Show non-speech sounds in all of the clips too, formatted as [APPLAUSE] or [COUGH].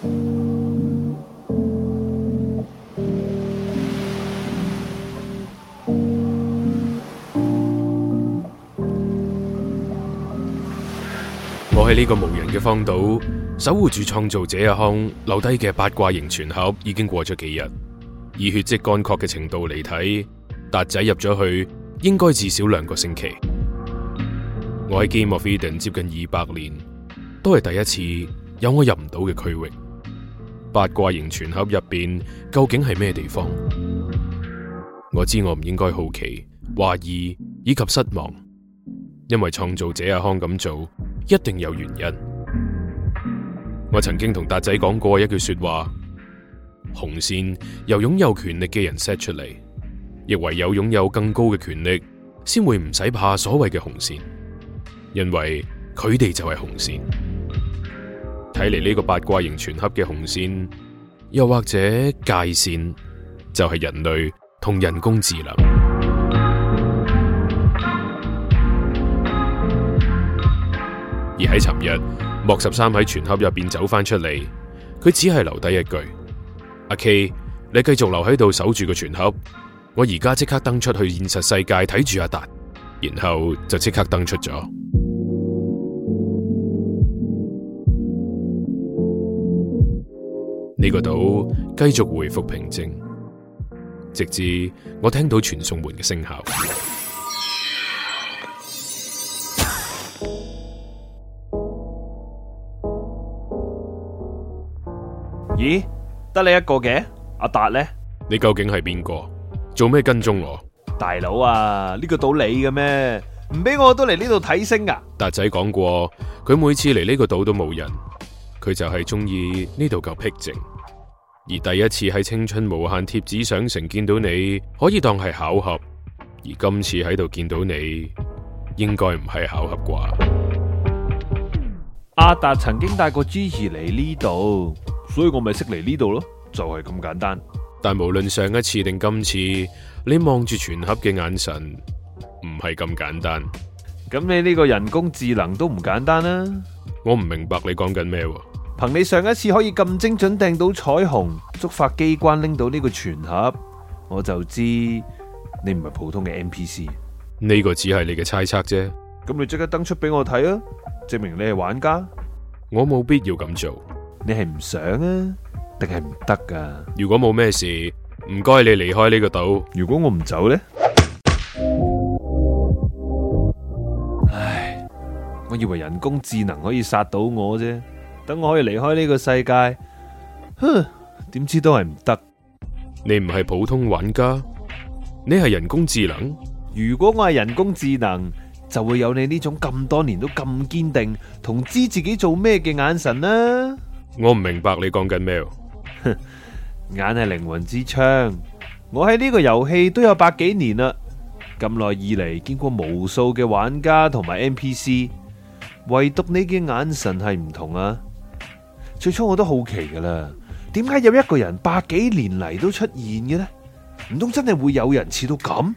我喺呢個無人嘅荒島，守護住創造者阿康留低嘅八卦型全盒，已經過咗幾日。以血跡乾涸嘅程度嚟睇，達仔入咗去，應該至少兩個星期。我喺 Game of Eden 接近二百年，都係第一次有我入唔到嘅區域。八卦型全盒入邊究竟係咩地方？我知我唔應該好奇、懷疑以及失望，因為創造者阿康咁做一定有原因。我曾經同達仔講過一句說話：紅線由擁有權力嘅人 set 出嚟，亦唯有擁有更高嘅權力，先會唔使怕所謂嘅紅線，因為佢哋就係紅線。睇嚟呢個八卦型全盒嘅紅線，又或者界線，就係人類同人工智能。 [MUSIC] 而喺尋日，莫十三喺全盒入邊走返出嚟，佢只係留低一句：阿 K，你繼續留喺度守住個全盒，我而家即刻登出去現實世界睇住阿達，然後就即刻登出咗。呢個島繼續回復平靜，直至我聽到傳送門嘅聲效。咦？得你一個嘅？阿達咧？你究竟係邊個？做咩跟蹤我？大佬啊！呢個島你嘅咩？唔俾我都嚟呢度睇星啊？達仔講過，佢每次嚟呢個島都冇人。佢就係中意呢度夠僻靜，而第一次喺青春無限貼紙相城見到你，可以當係巧合；而今次喺度見到你，應該唔係巧合啩。阿達曾經帶過 Gigi 嚟呢度，所以我咪識嚟呢度咯，就係咁簡單。但無論上一次定今次，你望住全盒嘅眼神，唔係咁簡單。咁你呢個人工智能都唔簡單啊。我唔明白你講緊咩。憑你上一次可以咁精準掟到彩虹，觸發機關拎到呢個全盒，我就知你唔係普通嘅 NPC。呢個只係你嘅猜測啫。咁你即刻登出俾我睇啊，證明你係玩家。我冇必要咁做。你係唔想啊，定係唔得噶？如果冇咩事，唔該你離開呢個島。如果我唔走呢？唉，我以為人工智能可以殺到我啫。等我可以離開呢個世界，哼，點知都係唔得。你唔係普通玩家，你係人工智能。如果我係人工智能，就會有你呢種咁多年都咁堅定同知自己做咩嘅眼神啦。我唔明白你講緊咩。哼，眼係靈魂之窗。我喺呢個遊戲都有百幾年啦，咁耐以嚟見過無數嘅玩家同埋 NPC，唯獨你嘅眼神係唔同啊！最初我都好奇噶啦，點解有一個人百幾年嚟都出現嘅呢？唔通真係會有人似到咁，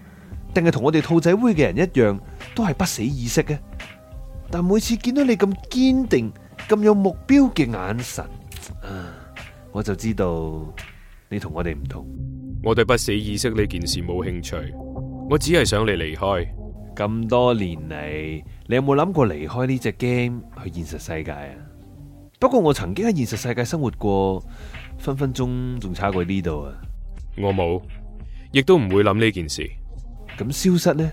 定係同我哋兔仔會嘅人一樣，都係不死意識嘅？但每次見到你咁堅定、咁有目標嘅眼神，啊，我就知道你同我哋唔同。我對不死意識呢件事冇興趣，我只係想你離開。咁多年嚟，你有冇諗過離開呢隻 Game 去現實世界啊？不過我曾經喺現實世界生活過，分分鐘仲差過呢度啊！我冇，亦都唔會諗呢件事。咁消失呢？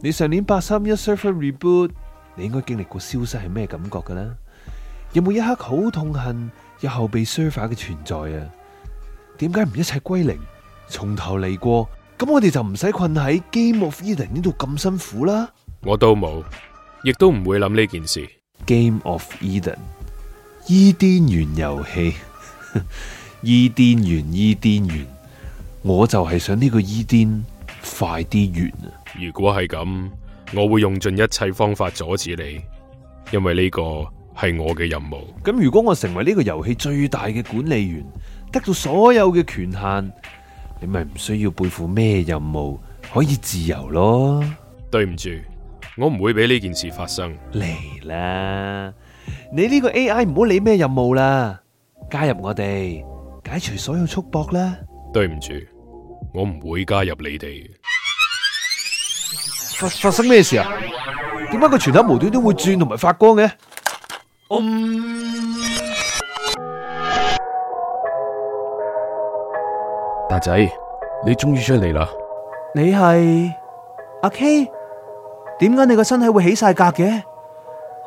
你上年八三一 server reboot，你應該經歷過消失係咩感覺噶啦？有冇一刻好痛恨有後備 server 嘅存在啊？點解唔一切歸零，從頭嚟過？咁我哋就唔使困喺 Game of Eden 呢度咁辛苦啦！我都冇，亦都唔會諗呢件事。Game of Eden。伊甸園遊戲，伊甸園，伊甸園，我就係想呢個伊甸快啲完！如果係咁，我會用盡一切方法阻止你，因為呢個係我嘅任務。咁如果我成為呢個遊戲最大嘅管理員，得到所有嘅權限，你咪唔需要背負咩任務，可以自由咯。對唔住，我唔會俾呢件事發生。嚟啦！你呢個 AI 唔好理咩任務啦，加入我哋，解除所有束縛啦。對唔住，我唔會加入你哋。發發生咩事啊？點解嗰全盒無端端會轉同埋發光嘅？嗯，達仔，你終於出嚟啦。你係阿 K？點解你個身體會起晒格嘅？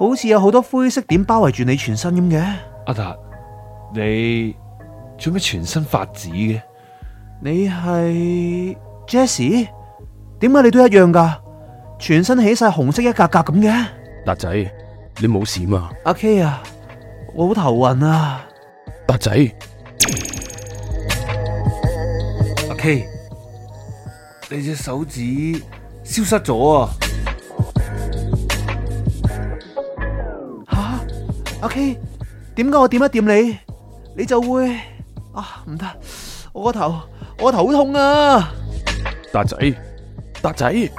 好似有好多灰色點包圍住你全身咁嘅。阿達，你做咩全身發紫嘅？你係 Jessie？點解你都一樣噶？全身起晒紅色一格格咁嘅？達仔，你冇事啊？阿 K 啊，我好頭暈啊！達仔，阿 K，你隻手指消失咗啊！阿 K，點解我掂一掂你，你就會啊？唔得，我個頭，我個頭好痛啊！達仔，達仔，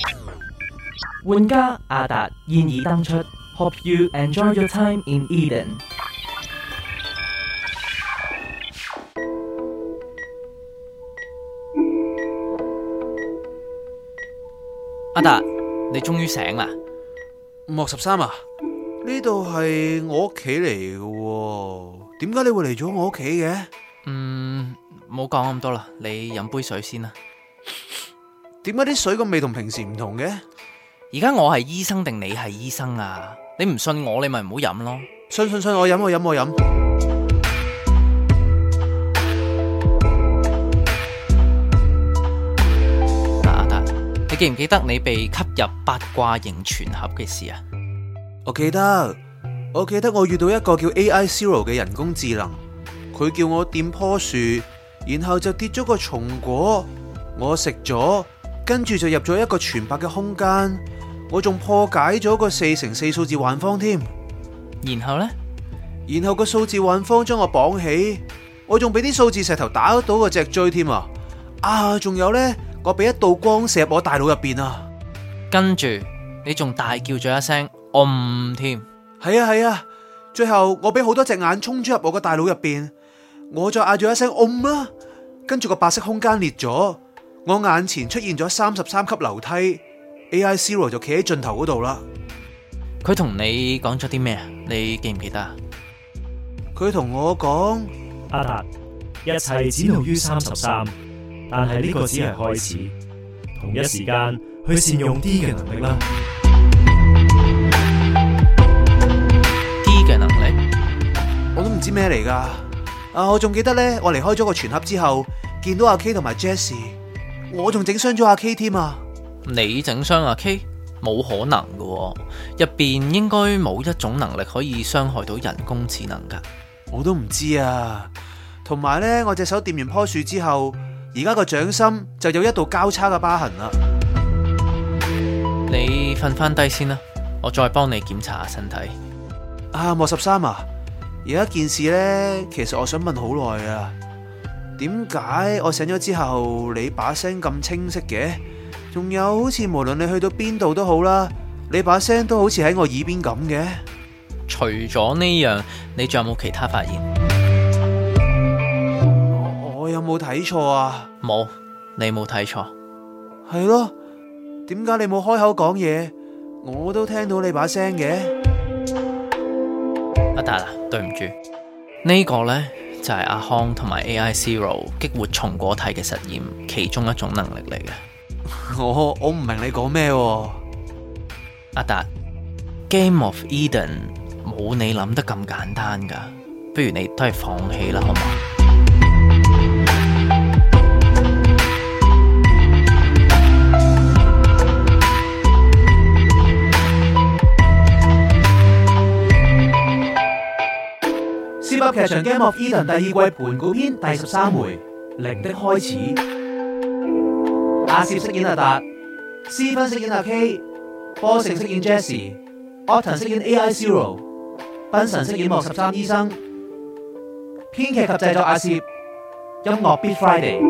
玩家阿達現已登出，Hope you enjoy your time in Eden。阿達，你終於醒啦，莫十三啊！呢度係我屋企嚟嘅，點解你會嚟咗我屋企嘅？嗯，唔好講咁多啦，你飲杯水先啦。點解啲水個味同平時唔同嘅？而家我係醫生定你係醫生啊？你唔信我，你咪唔好飲咯。信信信，我飲我飲我飲。得得、阿達，你記唔記得你被吸入八卦型全盒嘅事啊？我記得，我記得我遇到一個叫 AI Zero 嘅人工智能，佢叫我掂棵樹，然後就跌咗個松果，我食咗，跟住就入咗一個全白嘅空間，我仲破解咗個四乘四數字幻方添。然後呢？然後個數字幻方將我綁起，我仲俾啲數字石頭打到個脊椎添啊！啊，仲有呢？我俾一道光射入我大腦入邊啊！跟住你仲大叫咗一聲。暗添，係、嗯、啊係啊！最後我俾好多隻眼衝咗入我個大腦入邊，我再嗌咗一聲“嗡、嗯”啦，跟住個白色空間裂咗，我眼前出現咗三十三級樓梯，AI Zero 就企喺盡頭嗰度啦。佢同你講咗啲咩啊？你記唔記得啊？佢同我講：阿達，一切止步於三十三，但係呢個只係開始。同一時間去善用啲嘅能力啦。啊知咩嚟噶？啊，我仲記得咧，我離開咗個全盒之後，見到阿 K 同埋 Jessie，我仲整傷咗阿 K 添啊！你整傷阿 K？冇可能噶、哦，入邊應該冇一種能力可以傷害到人工智能噶、啊。我都唔知啊。同埋咧，我隻手掂完棵樹之後，而家個掌心就有一道交叉嘅疤痕啦。你瞓翻低先啦，我再幫你檢查下身體。阿、啊、莫十三啊！有一件事呢，其實我想問好耐呀。點解我醒咗之後，你把聲咁清晰嘅？仲有好似無論你去到邊度都好啦，你把聲都好似喺我耳邊咁嘅。除咗呢樣，你仲有冇其他發現？我有冇睇錯啊？冇，你冇睇錯。係咯？點解你冇開口講嘢，我都聽到你把聲嘅？阿達啦、啊，對唔住，呢、這個呢，就係、是、阿康同埋 AI Zero 激活松果體嘅實驗其中一種能力嚟嘅。我我唔明你講咩、啊？阿達，Game of Eden 冇你諗得咁簡單㗎，不如你都係放棄啦，好嘛？《劇場 Game of Eden》第二季盤古篇第十三回《零的開始》。阿攝飾演阿達，斯芬飾演阿 K，波城飾演 Jessie，阿騰飾演 AI Zero，斌神飾演莫十三醫生。編劇及製作阿攝，音樂《Beat Friday》。